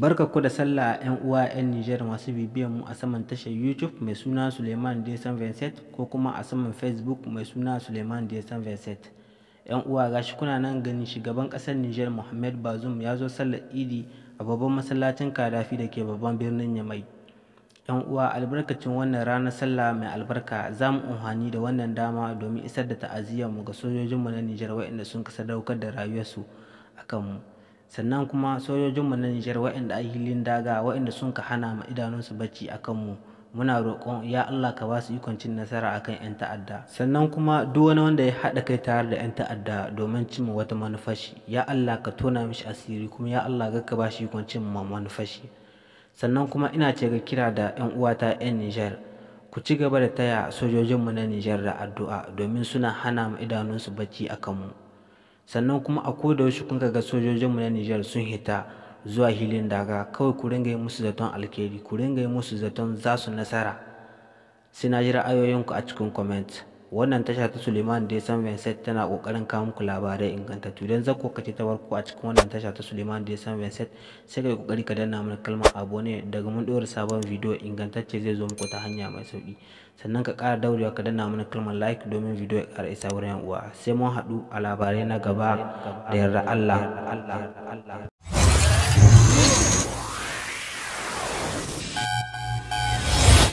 Barka ku da sallah 'yan uwa 'yan Nijar masu bibiyan mu a saman tashar YouTube mai suna Suleiman Desan Vincent ko kuma a saman Facebook mai suna Suleiman Desan Vincent. 'Yan uwa gashi kuna nan gani shugaban kasar Nijar Muhammad Bazoum ya zo sallar Idi a babban masallacin Kadafi da ke babban birnin Yamai. 'Yan uwa albarkacin wannan ranar sallah mai albarka za mu unhani da wannan dama domin isar da ta'aziyyar mu ga sojojinmu na Nijar waɗanda sun kasa daukar da rayuwarsu akan mu. sannan kuma sojojinmu na Nijar waɗanda a hilin daga waɗanda sun ka hana ma idanunsu bacci a kanmu muna roƙon ya Allah ka ba su ikon cin nasara akan 'yan ta'adda sannan kuma duk wani wanda ya haɗa kai tare da 'yan ta'adda domin cimma wata manufashi ya Allah ka tona mishi asiri kuma ya Allah ga ka ba shi ikon cin ma manufashi sannan kuma ina ce ga kira da 'yan uwata 'yan Nijar ku ci gaba da taya sojojinmu na Nijar da addu'a domin suna hana mu idanunsu bacci akan mu. sannan kuma a koda yaushe kun ga sojojinmu na Nijar sun hita zuwa hilin daga kawai ku ringa yi musu zaton alkhairi ku ringa yi musu zaton za su nasara sai na ji ra'ayoyinku a cikin comment wannan tasha ta suleiman da san vincent tana kokarin kawo muku labarai ingantattu don zan kokace ta farko a cikin wannan tasha ta suleiman da san vincent sai kai kokari ka danna mana kalmar abone daga mun dora sabon bidiyo ingantacce zai zo muku ta hanya mai sauki sannan ka kara daurewa ka danna mana kalmar like domin video ya kara isa wurin uwa sai mun hadu a labarai na gaba da yarda allah